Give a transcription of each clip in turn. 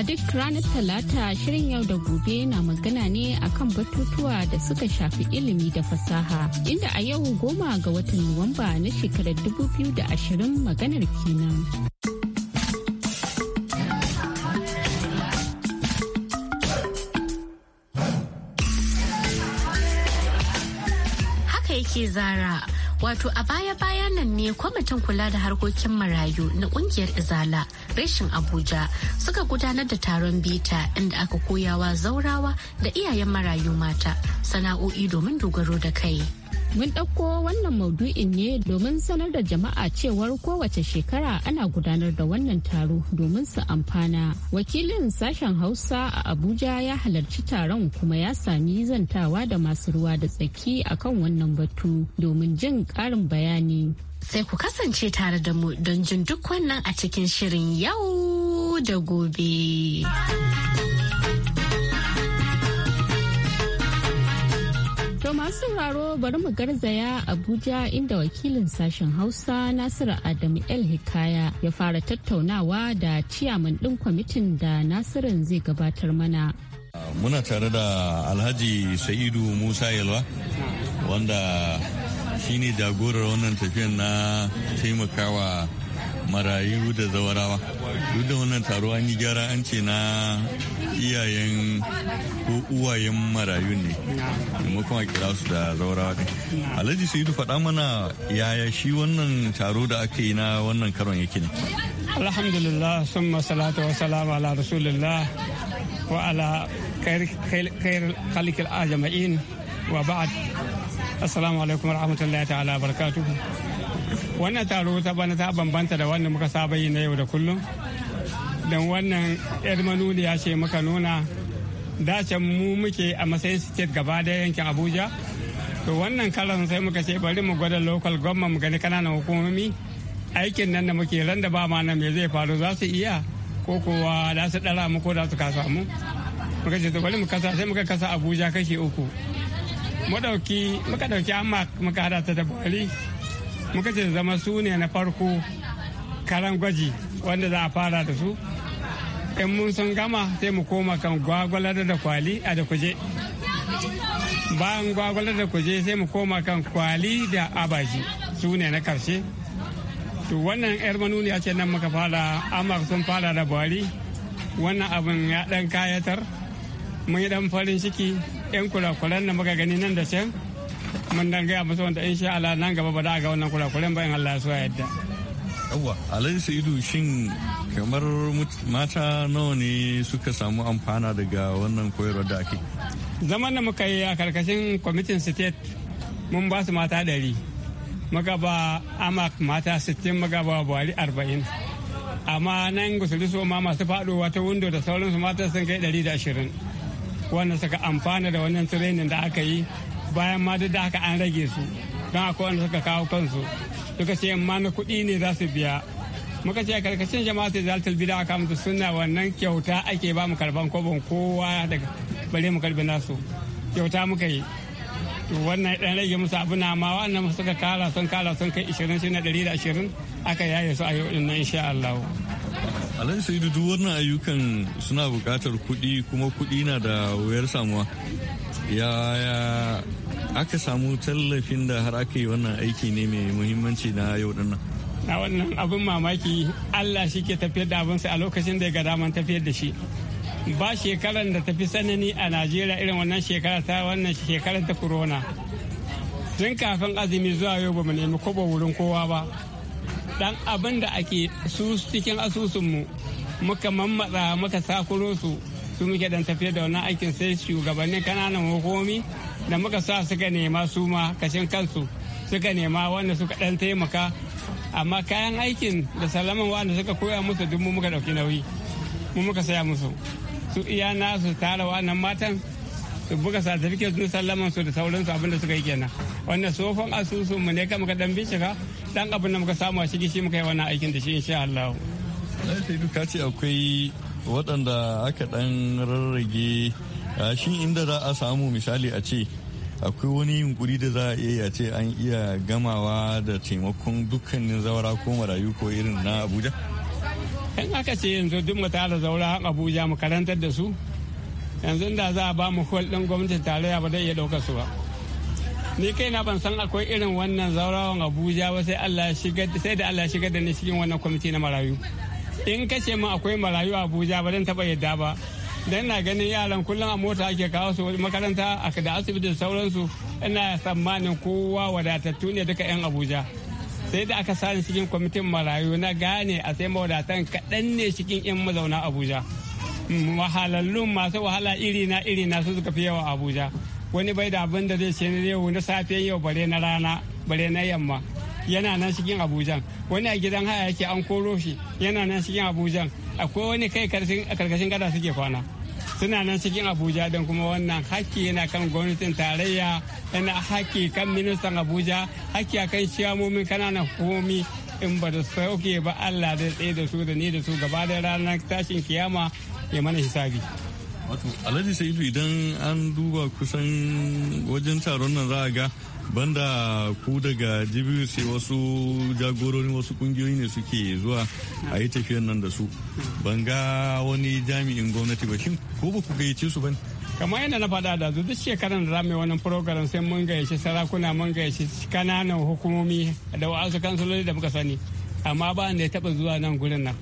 A duk ranar Talata shirin yau da gobe na magana ne akan batutuwa da suka shafi ilimi da fasaha. Inda a yau goma ga watan Nuwamba na shekarar dubu biyu da ashirin maganar kenan. Haka yake zara. Wato a baya baya nan ne kwamitin kula da harkokin marayu na kungiyar Izala reshin Abuja suka gudanar da taron bita inda aka koyawa zaurawa da iyayen marayu mata sana'o'i domin dogaro da kai. Mun ɗauko wannan maudu'in ne domin sanar da jama'a cewar kowace shekara ana gudanar da wannan taro domin su amfana. Wakilin sashen Hausa a Abuja ya halarci taron kuma ya sami zantawa da masu ruwa da tsaki akan wannan batu domin jin ƙarin bayani. Sai ku kasance tare da mu don jin duk wannan a cikin shirin yau da gobe. Masu sauraro bari mu garzaya Abuja inda wakilin sashen Hausa Nasiru Adamu El Hikaya ya fara tattaunawa da ciyaman ɗin kwamitin da Nasirin zai gabatar mana. Muna tare da Alhaji Sa'idu Musa Yalwa wanda shine jagorar wannan tafiyan na taimakawa marayu da zawarawa duk da wannan taro an yi gyara an ce na iyayen ko uwayen marayu ne maimakon a kira su da zawarawa ne alhaji sai faɗa mana yaya shi wannan taro da aka yi na wannan karon yake ne alhamdulillah sun masalata wa salama ala rasulillah wa ala khair khalikil jama'in wa ba'ad assalamu alaikum rahmatullahi ta'ala barakatuhu wannan taro ta bana ta bambanta da wanda muka saba yi na yau da kullum don wannan yar ya ce muka nuna dacen mu muke a matsayin state gaba da yankin abuja to wannan kalan sai muka ce bari mu gwada local government mu gani kananan hukumomi aikin nan da muke ran da ba ma nan me zai faru za su iya ko kowa da su dara mu ko da su kasa mu muka ce to bari mu kasa sai muka kasa abuja kashi uku mu dauki muka dauki amma muka hada ta da bari muka ce zama su ne na farko karan gwaji wanda za a fara da su in mun sun gama sai mu koma kan gwagwalar da kwali a da kuje bayan gwagwalar da kuje sai mu koma kan kwali da abaji su ne na karshe to wannan yar manuniya ce nan muka fara amma sun fara da bari wannan abin ya dan kayatar mun yi dan farin ciki yan kurakuran da muka gani nan da can mun dan gaya musu wanda in Allah nan gaba ba za a ga wannan kurakuren bayan Allah su yadda yawwa alhaji sa'idu shin kamar mata nawa ne suka samu amfana daga wannan koyarwar da ake zaman da muka yi a karkashin kwamitin state mun ba su mata ɗari ba amak mata 60 ba buhari 40 amma nan gusuri su ma masu faɗowa ta windo da sauransu mata sun kai 120 Wannan suka amfana da wannan training da aka yi bayan ma duk da haka an rage su don akwai wanda suka kawo kansu suka ce ma na kuɗi ne za su biya muka ce karkashin jama'a sai zaltar bida aka mutu suna wannan kyauta ake ba mu karban kobon kowa daga bare mu karbi nasu kyauta muka yi wannan dan rage musu abu na ma wannan suka kara sun kara sun kai ishirin shi na ashirin aka yaye su a yau ɗin nan insha Allah Alhaji Saidu duk wannan ayyukan suna buƙatar kuɗi kuma kuɗi na da wayar samuwa. ya ya aka samu tallafin da har aka yi wannan aiki ne mai muhimmanci na yau dinnan na wannan abin mamaki allah shi ke tafiyar da abinsa a lokacin da ya ga daman tafiyar da shi ba shekarar da tafi sanani a najeriya irin wannan shekara ta wannan shekarar ta corona tun kafin azumi zuwa yau ba mu nemi kobo wurin kowa ba dan abin da ake su cikin asusunmu muka mammatsa muka sakuro su su muke dan tafiya da wannan aikin sai shugabannin kananan hukumomi da muka sa suka nema su ma kashin kansu suka nema wanda suka dan taimaka amma kayan aikin da salaman wanda suka koya musu duk mu muka dauki nauyi mu muka saya musu su iya nasu tara wannan matan su buga certificate na salaman su da sauransu abinda suka yi kenan wanda sofan asusu mu ne kama ka dan bincika dan abin da muka samu a shigi shi muka yi wannan aikin da shi insha Allah. Ka ce akwai waɗanda aka ɗan rarrage shi inda za a samu misali a ce akwai wani yunkuri da za a iya ya ce an iya gamawa da taimakon dukkanin zaura ko marayu ko irin na abuja in aka ce yanzu duk mu tara zaura abuja mu karantar da su yanzu da za a ba mu hol ɗin gwamnatin tarayya ba zai iya ɗauka su ba ni kai na ban san akwai irin wannan zaurawan abuja ba sai sai da allah shigar da ni cikin wannan kwamiti na marayu in kace min akwai marayu abuja ba zan taba yadda ba dan na ganin yaran kullum a mota ake kawo su makaranta a da asibiti sauransu ina tsammanin kowa wadatattu ne duka yan abuja sai da aka sani cikin kwamitin marayu na gane a sai mawadatan kaɗan ne cikin yan mazauna abuja wahalallun masu wahala iri na iri na su suka fi yawa abuja wani bai da abin da zai ce yau na safe yau bare na rana bare na yamma yana nan cikin abuja wani a gidan haya yake an koro shi yana nan cikin abuja akwai wani kai karkashin gada suke kwana suna nan cikin abuja don kuma wannan haƙƙi yana kan gwamnatin tarayya yana haƙƙi kan ministan abuja haƙƙi a kan shiyamomin kananan hukumomi in ba da sauke ba allah da tsaye da su da ni da su gaba da ranar tashin kiyama ya mana hisabi wato alhaji sa'idu idan an duba kusan wajen taron nan za a ga banda ku daga GBC sai wasu jagororin wasu kungiyoyi ne suke zuwa a yi tafiyan nan da su ban ga wani jami'in gwamnati ba shin ko ba ku gayyace su ba kamar yadda na faɗa da duk shekaran da zamu yi wannan program sai mun gayyace sarakuna mun gayyace kananan hukumomi da wa'azu kansuloli da muka sani amma ba da ya taɓa zuwa nan gurin nan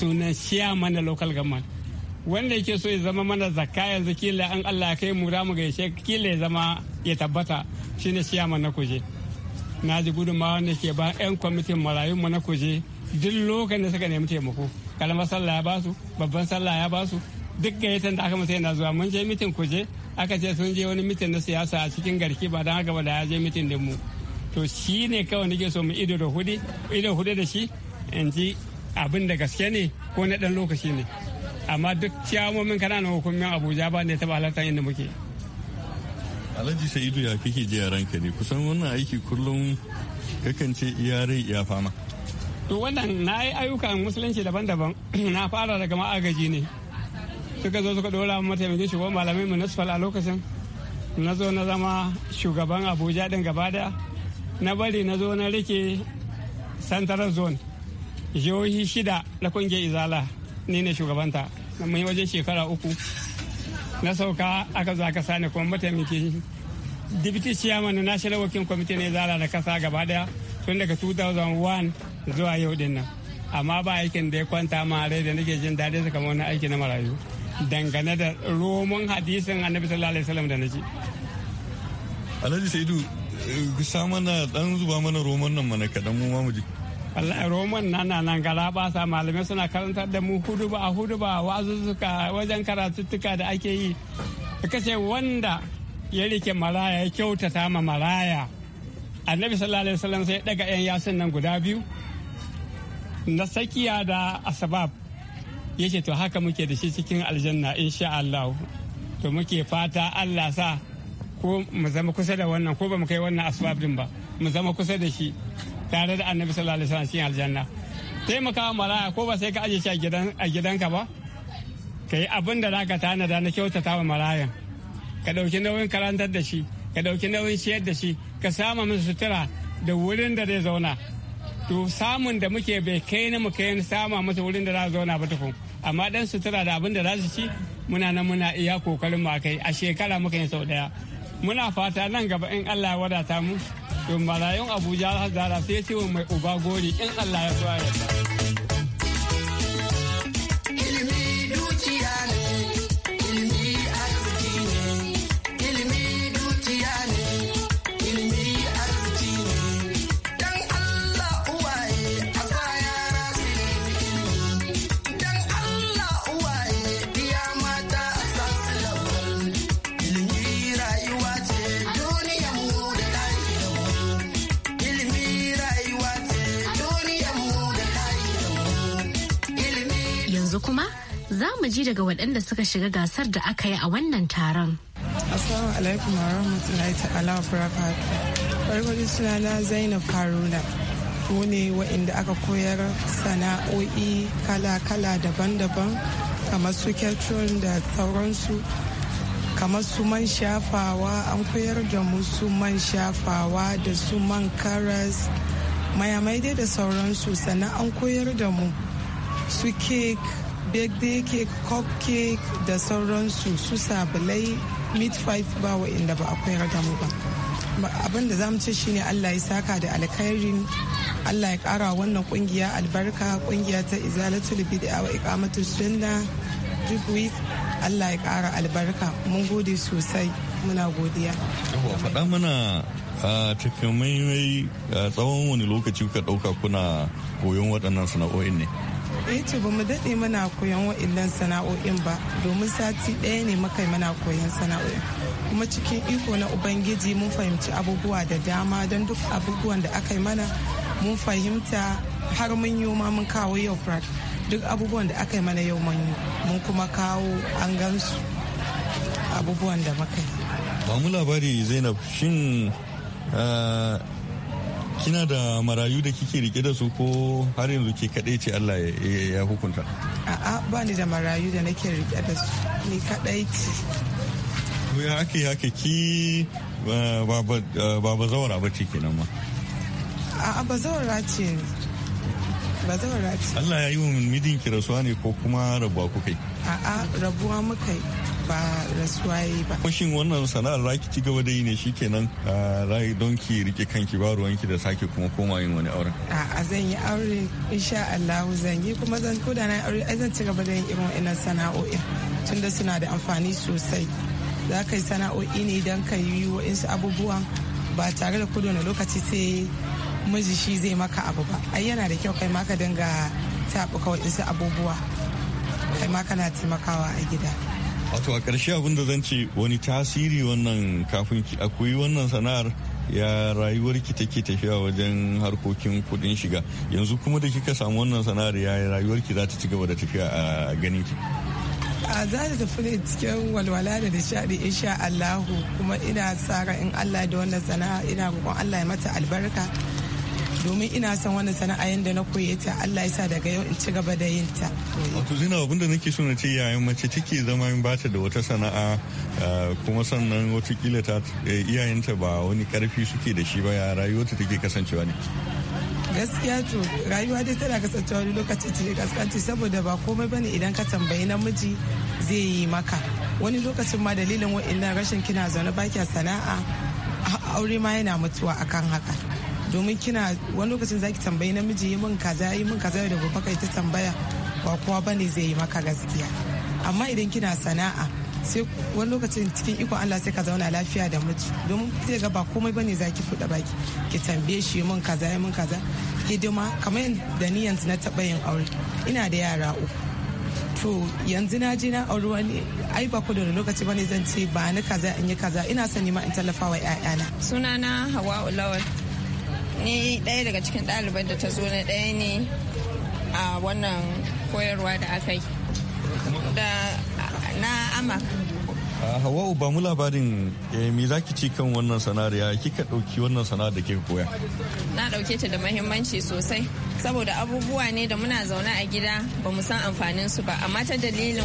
sunan shiya mana local government wanda yake so ya zama mana zakka yanzu kila an Allah kai mu za mu gaishe kila ya zama ya tabbata shine siya mana kuje na ji gudunmawa da ke ba 'yan kwamitin marayunmu na kuje duk lokacin da suka nemi taimako kalmar sallah ya basu babban sallah ya basu duk gayyatan da aka masa yana zuwa mun je mitin kuje aka ce sun je wani mitin na siyasa a cikin garki ba don haka ba da ya je mitin din mu to shi ne kawai nake so mu ido da hudu ido hudu da shi in ji abin da gaske ne ko na dan lokaci ne amma duk ciyawomin kananan hukumin abuja ba ne ta halartar inda muke. alhaji sa'idu ya kake ji a ranka ne kusan wannan aiki kullum kakan ce iya rai iya fama to wannan na yi ayyukan musulunci daban-daban na fara daga ma'agaji ne suka zo suka dora mataimakin shugaban malamai municipal a lokacin na zo na zama shugaban abuja din gaba da na bari na zo na rike central zone jihohi shida na kungiyar izala ni ne shugabanta na wajen shekara uku na sauka aka zo aka sani kuma mataimakin dibiti ciyaman na national working committee ne zara da kasa gaba daya tun daga 2001 zuwa yau din nan amma ba aikin da ya kwanta ma rai da nake jin daɗin sa kamar wani aiki na marayu dangane da romon hadisin annabi sallallahu alaihi wasallam da naji alhaji saidu eh, sa mana dan zuba mana roman nan mana kaɗan mu ma mu ji roman nan na nan gara ba sa malamai suna karantar da mu hudu ba a hudu ba wazuzzuka wajen karatuttuka da ake yi kace wanda ya rike maraya ya kyautata ma maraya annabi sallallahu alaihi wasallam sai daga yan yasin nan guda biyu na sakiya da asabab yace to haka muke da shi cikin aljanna insha Allah to muke fata Allah sa ko mu zama kusa da wannan ko ba mu kai wannan asbab din ba mu zama kusa da shi tare da annabi sallallahu alaihi wasallam cikin aljanna taimakawa maraya ko ba sai ka aje shi a gidan gidanka ba ka yi abin da za ka tanada na kyautata wa malaya ka ɗauki nauyin karantar da shi ka ɗauki nauyin ciyar da shi ka sama musu sutura da wurin da zai zauna to samun da muke bai kai na mu kai sama musu wurin da za su zauna ba tukun amma dan sutura da abin da za su ci muna nan muna iya kokarin mu kai a shekara muka yi sau daya muna fata nan gaba in Allah ya wadata mu to abuja za su sai mai uba gori in allah ya so ya ji daga waɗanda suka shiga gasar da aka yi a wannan taron. Assalamu alaikum wa rahmatullahi ta'ala wa barakatuh. Farko sunana Zainab Haruna. Mu ne inda aka koyar sana'o'i kala-kala daban-daban kamar su kyautun da sauransu kamar su man shafawa an koyar da mu su man shafawa da su man karas mayamai dai da sauransu sannan an koyar da mu su kek birthday cake cupcake da sauransu su sabulai meat five ba inda ba akwai da mu ba abin da zamu ce shine allah ya saka da alkhairin allah ya kara wannan kungiya albarka kungiya ta izalatul bid'a wa iqamatus sunna duk week allah ya kara albarka mun gode sosai muna godiya faɗa mana a tsawon wani lokaci kuka ɗauka kuna koyon waɗannan sana'o'in ne ya eh ce ba mu daɗe mana koyan wa'illan sana'o'in ba domin sati ɗaya ne makai mana koyan sana'o'in kuma cikin iko na ubangiji mun fahimci abubuwa da dama don duk abubuwan da aka yi mana mun fahimta har mun yi ma mun kawo yau prat duk abubuwan da aka yi mana yau mun yi mun kuma kawo an gansu abubuwan da makai. ba mu labari zainab shin eh, kina da marayu da kike rike da su ko har yanzu ke kaɗai ce Allah ya hukunta a'a ba ni da marayu da nake rike da su ni kaɗai ce ya ake haka ki baba zawara ba ce kenan ma a'a ba zawara ce ba zama rati. Allah ya yi wa midin ki rasuwa ne ko kuma rabuwa kuka kai. a'a rabuwa muka yi ba rasuwa yi ba kushin wannan sana'ar raki ci gaba da yi ne shikenan rai don ki rike kanki ba ruwanki da sake kuma koma yin wani auren a'a zan yi aure insha Allah zan yi kuma zan da na aure ai zan ci gaba da yin irin wannan sana'o'i tunda suna da amfani sosai za ka yi sana'o'i ne don ka yi wa'insu abubuwan ba tare da kudu na lokaci sai miji shi zai maka abu ba ai yana da kyau kai ma ka dinga kawai waɗansu abubuwa kai ma kana taimakawa a gida wato a ƙarshe abin da zan ce wani tasiri wannan kafin ki akwai wannan sana'ar ya rayuwar ki take tafiya wajen harkokin kudin shiga yanzu kuma da kika samu wannan sana'ar ya rayuwar ki za ta ci gaba da tafiya a ganin ki a za ta tafi ne cikin walwala da nishaɗi insha Allahu kuma ina tsara in Allah da wannan sana'a ina roƙon Allah ya mata albarka domin ina son wannan sana'a yadda na koye ta Allah ya sa daga yau in ci gaba da yin ta. Wato zina abin da nake so na ce yayin mace take zama in bata da wata sana'a eh, kuma sannan watakila ta eh, iyayenta ba wani karfi suke da shi ba ya rayuwarta take kasancewa ne. gaskiya to rayuwa dai tana kasancewa wani lokaci cikin kaskanci saboda ba komai bane idan ka tambayi namiji zai yi maka wani lokacin ma dalilin wa'in rashin kina zaune baki sana'a aure ma yana mutuwa akan haka domin kina wani lokacin zaki tambayi namiji yi min kaza yi min kaza da gobe kai ta tambaya ba kowa bane zai yi maka gaskiya amma idan kina sana'a sai wani lokacin cikin ikon Allah sai ka zauna lafiya da miji domin zai ga ba komai bane zaki fuda baki ki tambaye shi yi min kaza yi min kaza hidima kamar yadda ni yanzu na taba yin aure ina da yara uku to yanzu na je na auri wani ai ba ku da lokaci bane zan ce ba ni kaza in yi kaza ina son ma in tallafa wa 'ya'yana sunana hawa ulawar. ni ɗaya daga cikin ɗaliban da ta zo na ɗaya ne a wannan koyarwa da aka yi da na amak hawa ba mu labarin eh, me za ki ci kan wannan sana'ar ya kika ɗauki wannan sana'ar da ke koya na ɗauke ta da mahimmanci sosai saboda abubuwa ne da muna zaune a gida ba mu san amfanin su ba amma ta dalilin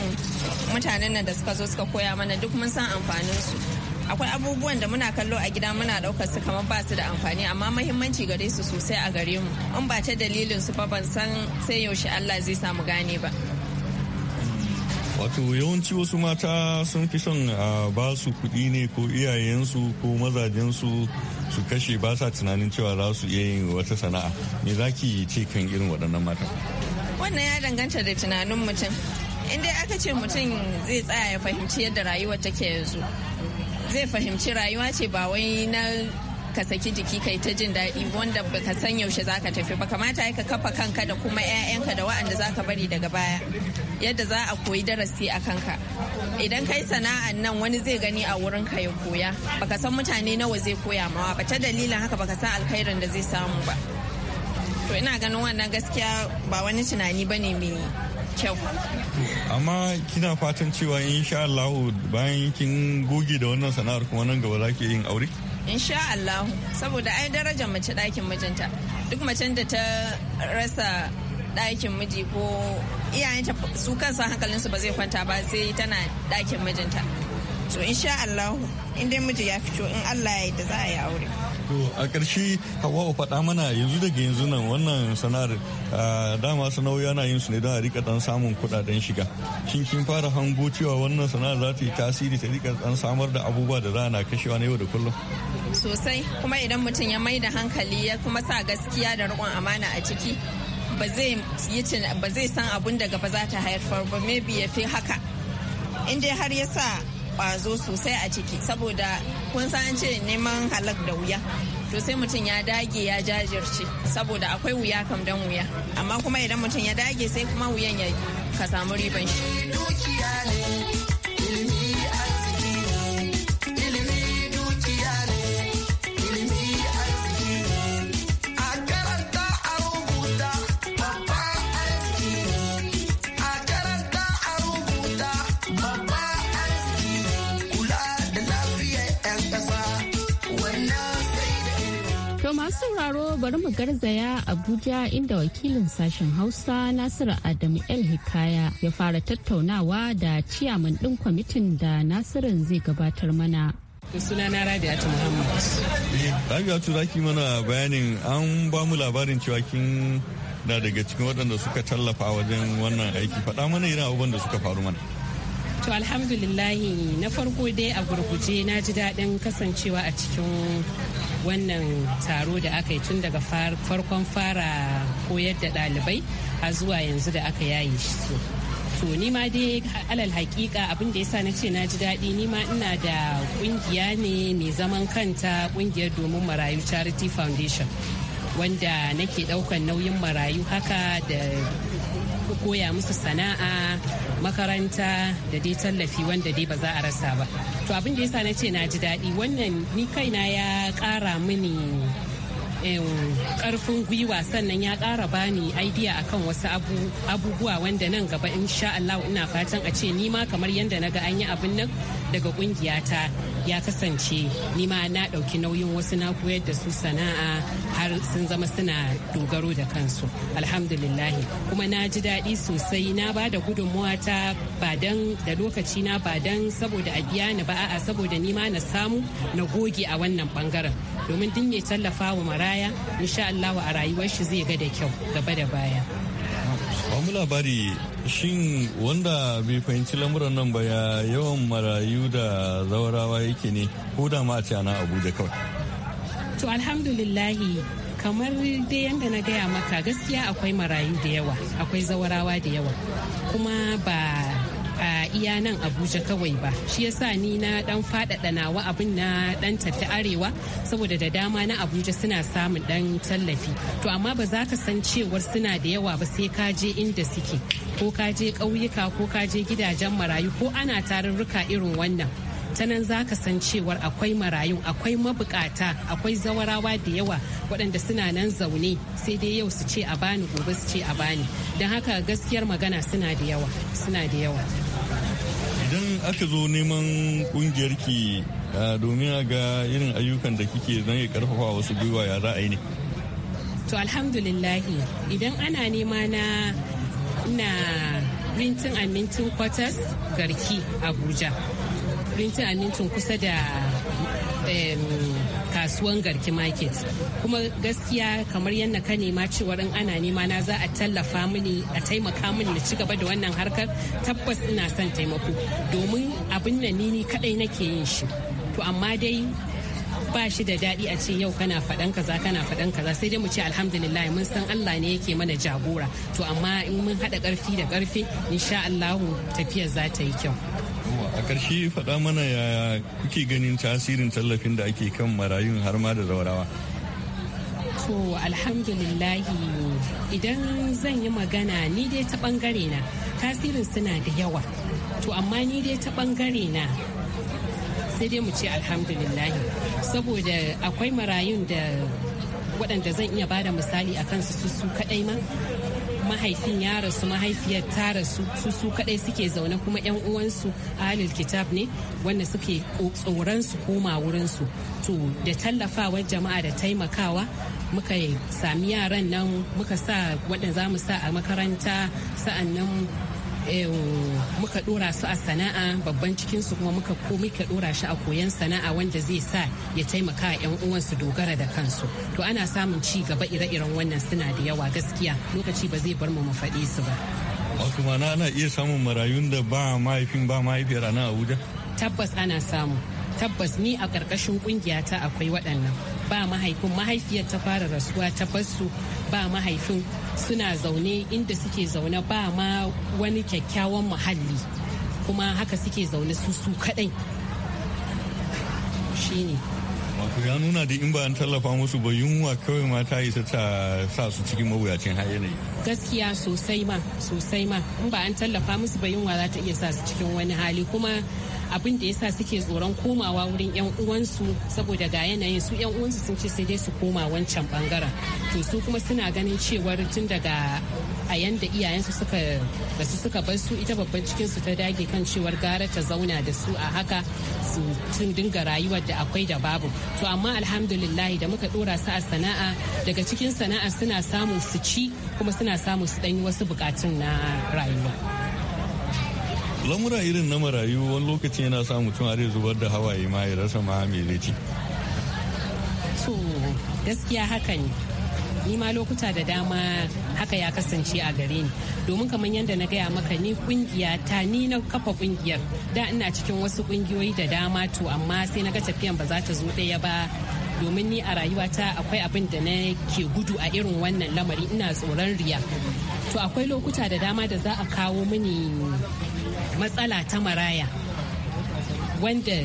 mutanen nan da suka zo suka koya mana duk mun san amfanin su akwai abubuwan da muna kallo a gida muna ɗaukar su kamar ba su da amfani amma mahimmanci gare su sosai a gare mu in ba ta dalilin su ba ban san sai yaushe Allah zai samu gane ba wato yawanci wasu mata sun fi son a ba su kuɗi ne ko iyayensu ko mazajensu su kashe ba sa tunanin cewa za su iya yin wata sana'a me za ki ce kan irin waɗannan mata wannan ya danganta da tunanin mutum in dai aka ce mutum zai tsaya ya fahimci yadda rayuwar take yanzu zai fahimci rayuwa ce ba wai na ka saki jiki kai ta jin daɗi wanda baka san yaushe zaka tafi ba kamata ka kafa kanka da kuma 'ya'yanka da waɗanda ka bari daga baya yadda za a koyi darasi a kanka idan kai sana'an nan wani zai gani a wurin ka ya koya baka san mutane nawa zai koya mawa ba ta dalilin haka ba ka san alkhairin da zai samu ba to ina ganin wannan gaskiya ba wani tunani bane mai kyau amma kina fatan cewa insha Allah bayan kin goge da wannan sana'ar kuma nan gaba za ki yin aure insha Allah saboda ai darajar mace ɗakin mijinta duk macen da ta rasa ɗakin miji ko iyayenta su kansu hankalinsu ba zai kwanta ba sai tana ɗakin mijinta to insha Allah in dai miji ya fito in Allah ya yi da za a yi aure To a ƙarshe hawa faɗa mana yanzu daga yanzu nan wannan sana'ar dama sana'o'i ana yin su ne don a rika dan samun kuɗaɗen shiga. Shin kin fara hango cewa wannan sana'ar za ta yi tasiri ta rika dan samar da abubuwa da za na kashewa na yau da kullum? Sosai kuma idan mutum ya mai da hankali ya kuma sa gaskiya da riƙon amana a ciki ba zai yi ba zai san abun da gaba za ta haifar ba maybe ya fi haka. In dai har ya sa kwazo sosai a ciki saboda kun san ce neman halak da wuya to sai mutum ya dage ya jajirce saboda akwai wuya kam dan wuya amma kuma idan mutum ya dage sai kuma wuyan ya ka samu riban shi sauraro bari mu garzaya Abuja inda wakilin sashen Hausa Nasiru Adamu El Hikaya ya fara tattaunawa da ciyaman ɗin kwamitin da Nasirin zai gabatar mana. sunana Radiyatu Muhammad. Eh, Rabi'atu mana bayanin an ba mu labarin cewa kin na daga cikin waɗanda suka tallafa wajen wannan aiki faɗa mana irin abubuwan da suka faru mana. To alhamdulillahi na farko dai a gurguje na ji daɗin kasancewa a cikin wannan taro da aka yi tun daga farkon fara koyar da ɗalibai har zuwa yanzu da aka yaye su. To ni ma dai alal hakika abin da yasa na ce na ji daɗi ni ma ina da ƙungiya ne mai zaman kanta ƙungiyar domin marayu Charity Foundation wanda nake ɗaukan nauyin marayu haka da koya musu sana'a makaranta da dai tallafi wanda dai ba za a rasa ba to abin da yasa na ce na ji daɗi wannan ni kaina ya ƙara mini karfin gwiwa sannan ya ƙara bani idea akan wasu abubuwa wanda nan gaba insha Allah ina fatan a ce ni ma kamar yadda na ga an yi abin nan daga kungiyata ya kasance nima na dauki nauyin wasu na koyar da su sana'a har sun zama suna dogaro da kansu alhamdulillahi kuma na ji daɗi sosai na ba da gudunmuwa ta ba dan da lokaci na ba dan saboda a biya ni ba a'a saboda nima na samu na goge a wannan bangaren domin duk mai tallafa wa maraya insha Allah a rayuwar shi zai ga da kyau gaba da baya. labari shin wanda bai fahimci lamuran nan ba ya yawan marayu da zawarawa yake ne ko da ma ce ana abuja kawai to alhamdulillahi kamar dai yadda na gaya maka gaskiya akwai marayu da yawa akwai zawarawa da yawa kuma ba a iya nan abuja kawai ba shi yasa ni na dan faɗaɗa nawa abin na dan tafi arewa saboda da dama na abuja suna samun dan tallafi to amma ba za ka san cewar suna da yawa ba sai ka je inda suke ko ka je ƙauyuka ko ka je gidajen marayu ko ana tarurruka irin wannan ta nan za ka san cewar akwai marayu akwai mabukata akwai zawarawa da yawa waɗanda suna nan zaune sai dai yau su ce a bani gobe su ce a bani don haka gaskiyar magana suna suna da yawa idan aka zo neman kungiyar ki domin a ga irin ayyukan da kike zan yi karfafa wasu gwiwa ya za a yi ne to alhamdulillahi idan ana nema na na rintin amintin kwatas garki abuja rintin amintin kusa da kasuwan garki market kuma gaskiya kamar yadda ka nema cewar in ana nema na za a tallafa mini a taimaka mini na ci gaba da wannan harkar tabbas ina son taimako domin abin nan ni kadai nake yin shi to amma dai ba shi da daɗi a ce yau kana faɗan kaza kana faɗan kaza sai dai mu ce alhamdulillah mun san Allah ne yake mana jagora to amma in mun haɗa ƙarfi da ƙarfi insha Allah tafiyar za ta yi kyau a ƙarshe faɗa mana yaya kuke ganin tasirin tallafin da ake kan marayun har ma da zaurawa to alhamdulillahi idan zan yi magana ni dai ta ɓangare na tasirin suna da yawa to amma ni dai ta ɓangare na sai dai mu ce alhamdulillahi saboda akwai marayun da waɗanda zan iya ba da misali a kansu su su kaɗai ma mahaifin ya rasu mahaifiyar ta rasu su su kadai suke zaune kuma yan uwansu ahlul kitab ne wanda suke tsoron su koma wurin su to da tallafawar jama'a da taimakawa muka sami yaran nan muka sa waɗanda za mu sa a makaranta sa'an nan muka dora su a sana'a babban cikinsu kuma muka komai ka dora shi a koyan sana'a wanda zai sa ya taimaka yan uwan su dogara da kansu to ana samun ci gaba ire-iren wannan suna da yawa gaskiya lokaci ba zai bar mu mu faɗi su ba wato mana ana iya samun marayun da ba mahaifin ba mahaifiyar abuja tabbas ana samu tabbas ni a ƙarƙashin ƙungiyata akwai waɗannan ba mahaifin mahaifiyar ta fara rasuwa ta su ba mahaifin suna zaune inda suke zaune ba ma wani kyakkyawan muhalli kuma haka suke zaune su su kadai shine wato ya nuna da in ba an tallafa musu ba yunwa kawai ma ta isa ta sa su cikin mawuyacin yanayi gaskiya sosai ma sosai ma in ba an tallafa musu ba yunwa za ta iya sa su cikin wani hali kuma abin da yasa suke tsoron komawa wurin yan uwansu saboda ga yanayin su yan uwansu sun ce sai dai su koma wancan bangaren to su kuma suna ganin cewar tun daga a yanda iyayensu suka basu suka bar su ita babban cikin su ta dage kan cewar gara ta zauna da su a haka su tun dinga rayuwar da akwai da babu to amma alhamdulillah da muka dora su a sana'a daga cikin sana'a suna samu su ci kuma suna samu su yi wasu bukatun na rayuwa lamura irin na marayu wani lokaci yana sa mutum are zubar da hawaye ma ya rasa ma mai laifi to gaskiya haka ne ni ma lokuta da dama haka ya kasance a gare ni domin kamar yadda na gaya maka ni kungiya ta ni na kafa kungiyar da ina cikin wasu kungiyoyi da dama to amma sai na ga tafiyan ba za ta zo ɗaya ba domin ni a rayuwata akwai abin da na ke gudu a irin wannan lamari ina tsoron riya to akwai lokuta da dama da za a kawo mini matsala ta maraya wanda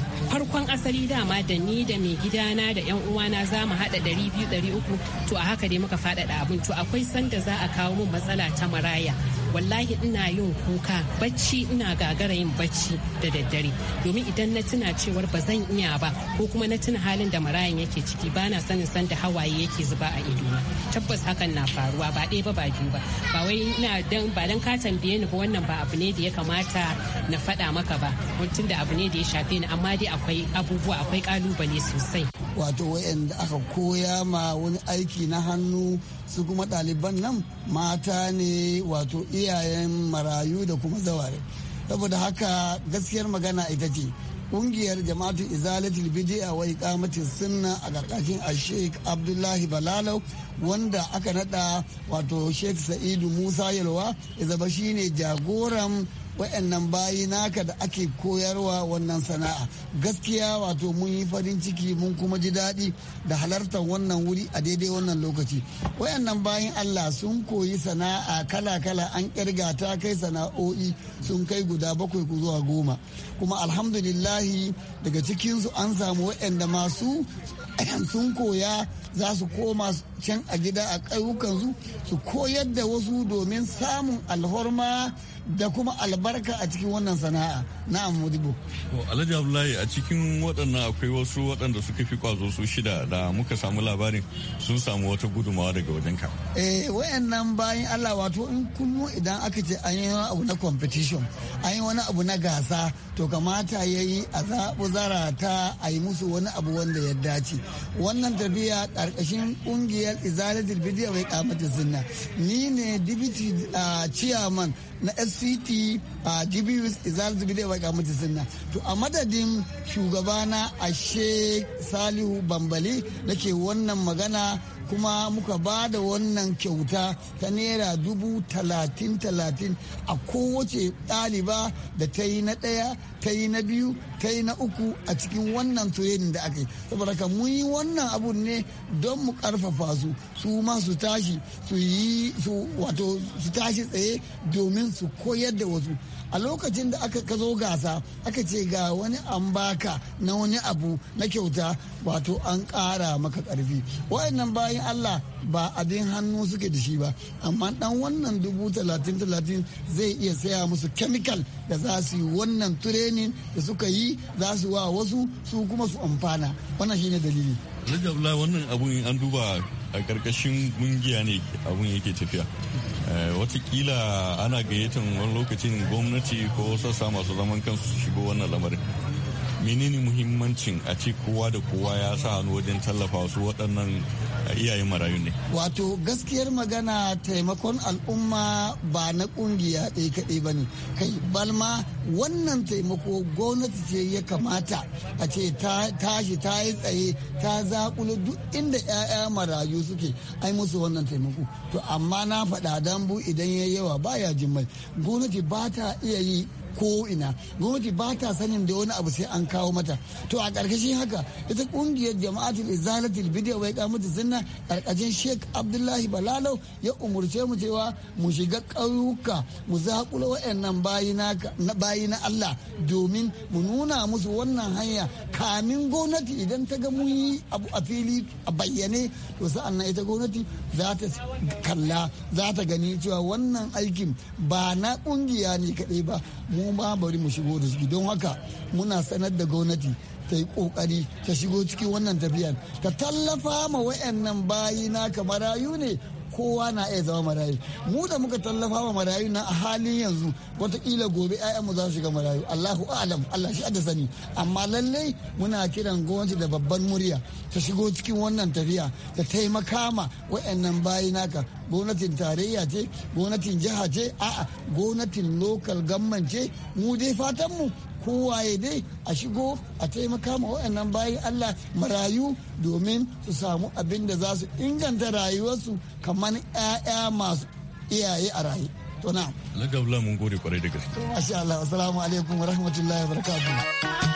farkon asali dama da ni da mai gidana da yan uwana za mu haɗa ɗari biyu ɗari uku to a haka dai muka faɗaɗa abin to akwai sanda za a kawo min matsala ta maraya wallahi ina yin kuka bacci ina gagara yin bacci da daddare domin idan na tuna cewar ba zan iya ba ko kuma na tuna halin da marayan yake ciki ba na sanin san hawaye yake zuba a idona tabbas hakan na faruwa ba ɗaya ba ba biyu ba ba wai ina dan ba dan ka tambaye ni ba wannan ba abu ne da ya kamata na faɗa maka ba mutum da abu ne da ya shafe ni amma amma dai akwai abubuwa akwai kalubale sosai wato wayanda aka koya ma wani aiki na hannu su kuma ɗaliban nan mata ne wato iyayen marayu da kuma zaware saboda haka gaskiyar magana ita ce kungiyar jama'atu izalatul bidiya wa iqamatis sunna a karkashin Sheikh Abdullahi Balalau wanda aka nada wato Sheikh Sa'idu Musa Yalwa izaba shine jagoran wa'annan bayi naka da ake koyarwa wannan sana'a gaskiya wato mun yi farin ciki mun kuma ji daɗi da halartar wannan wuri a daidai wannan lokaci wa'annan bayin allah sun koyi sana'a kala-kala an ƙirga ta kai sana'o'i sun kai guda bakwai zuwa goma kuma alhamdulillahi daga cikinsu an samu wa'anda masu sun koya za su koma can a gida a ƙauyukansu su koyar da wasu domin samun alhorma da kuma albarka a cikin wannan sana'a na amudibo. Alhaji Abdullahi a cikin waɗannan akwai wasu waɗanda suka fi kwazo su shida da muka samu labarin sun samu wata gudumawa daga wajen ka. Eh wayannan bayan Allah wato in kunu idan aka ce an yi wani abu na competition an yi wani abu na gasa to kamata ya yi a zaɓu zarata a yi musu wani abu wanda ya dace. Wannan tafiya ƙarƙashin ƙungiyar Izalatul Bidiyar Bai Kamata Zinna ni ne dibiti a ah, ciyaman na city a jibius izal zubi da baka mutu sunna to a madadin shugabana ashe salihu bambali nake wannan magana kuma muka ba da wannan kyauta ta naira dubu talatin talatin a kowace ɗaliba da ta yi na ɗaya ta yi na biyu ta yi na uku a cikin wannan turenin da aka yi saboda ka mun yi wannan abun ne don mu karfafa su su ma su tashi su yi su wato su tashi tsaye domin su koyar da wasu a lokacin da aka ka zo gasa aka ce ga wani an baka na wani abu na kyauta wato an ƙara maka ƙarfi wa'annan bayan allah ba abin hannu suke da shi ba amma dan wannan dubu talatin talatin zai iya saya musu kemikal da za su yi wannan turenin da suka yi za su wa wasu su kuma su amfana wannan shine dalili. Rajabla wannan abun an duba a ƙarƙashin ƙungiya ne abun yake tafiya eh, watakila ana gayyatan wani lokacin gwamnati ko sassa masu zaman kansu su shigo wannan lamarin menene muhimmancin a ce kowa da kowa ya sa hannu wajen tallafa su waɗannan eh, iyayen marayu ne wato gaskiyar magana taimakon al'umma ba na ƙungiya ɗaya kaɗai ba ne kai balma wannan taimako gwamnati ce ya kamata a ce ta tashi ta yi tsaye ta zaƙulo duk inda 'ya'ya marayu suke ai musu wannan taimako to amma na faɗa dambu idan ya yawa baya jimai gwamnati ba ta iya yi ko ina gwamnati ba ta sanin da wani abu sai an kawo mata to a ƙarƙashin haka ita ƙungiyar jama'atul izalatul bid'a wai kamata sunna ƙarƙashin sheik abdullahi balalau ya umurce mu cewa mu shiga ƙauyuka mu zaƙula waɗannan bayi na Allah domin mu nuna musu wannan hanya kamin gwamnati idan ta ga mun yi abu a fili a bayyane to sa'annan ita gwamnati za ta kalla za ta gani cewa wannan aikin ba na ƙungiya ne kaɗai ba mu ba bari mu shigo da su don haka muna sanar da gwamnati ta yi kokari ta shigo cikin wannan tafiyar ta tallafa ma wayannan bayi na rayu ne kowa na iya zama marayu mu da muka tallafa wa marayu na a halin yanzu watakila gobe mu za su shiga marayu allahu alam allah shi sani amma lallai muna kiran gwamnati da babban murya ta shigo cikin wannan tafiya ta taimaka ma wa'annan bayi naka gwamnatin tarayya ce gwamnatin jiha ce a'a gwamnatin lokal gamman ce mu dai fatanmu kowaye dai a shigo a taimaka ma waɗannan bayan Allah marayu domin su samu abin da za su inganta rayuwarsu kamar 'ya'ya masu iyaye a rayu. To na. Allah mun gode kwarai da gaske. Masha Allah, assalamu alaikum wa rahmatullahi wa barakatuhu.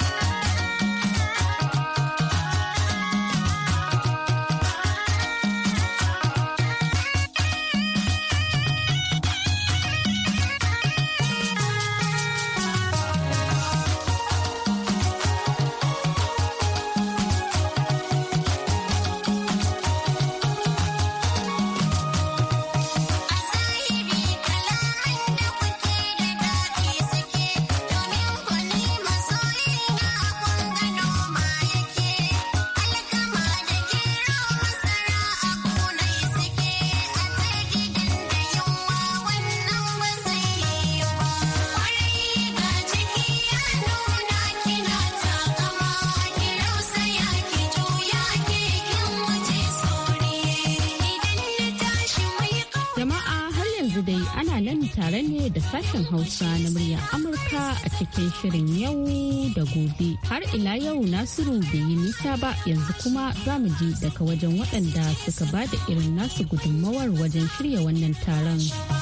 tare da sashen Hausa na murya Amurka a cikin shirin yau da gobe. Har ila yau Nasiru bai yi nisa ba yanzu kuma za mu ji daga wajen waɗanda suka ba da irin nasu gudunmawar wajen shirya wannan taron.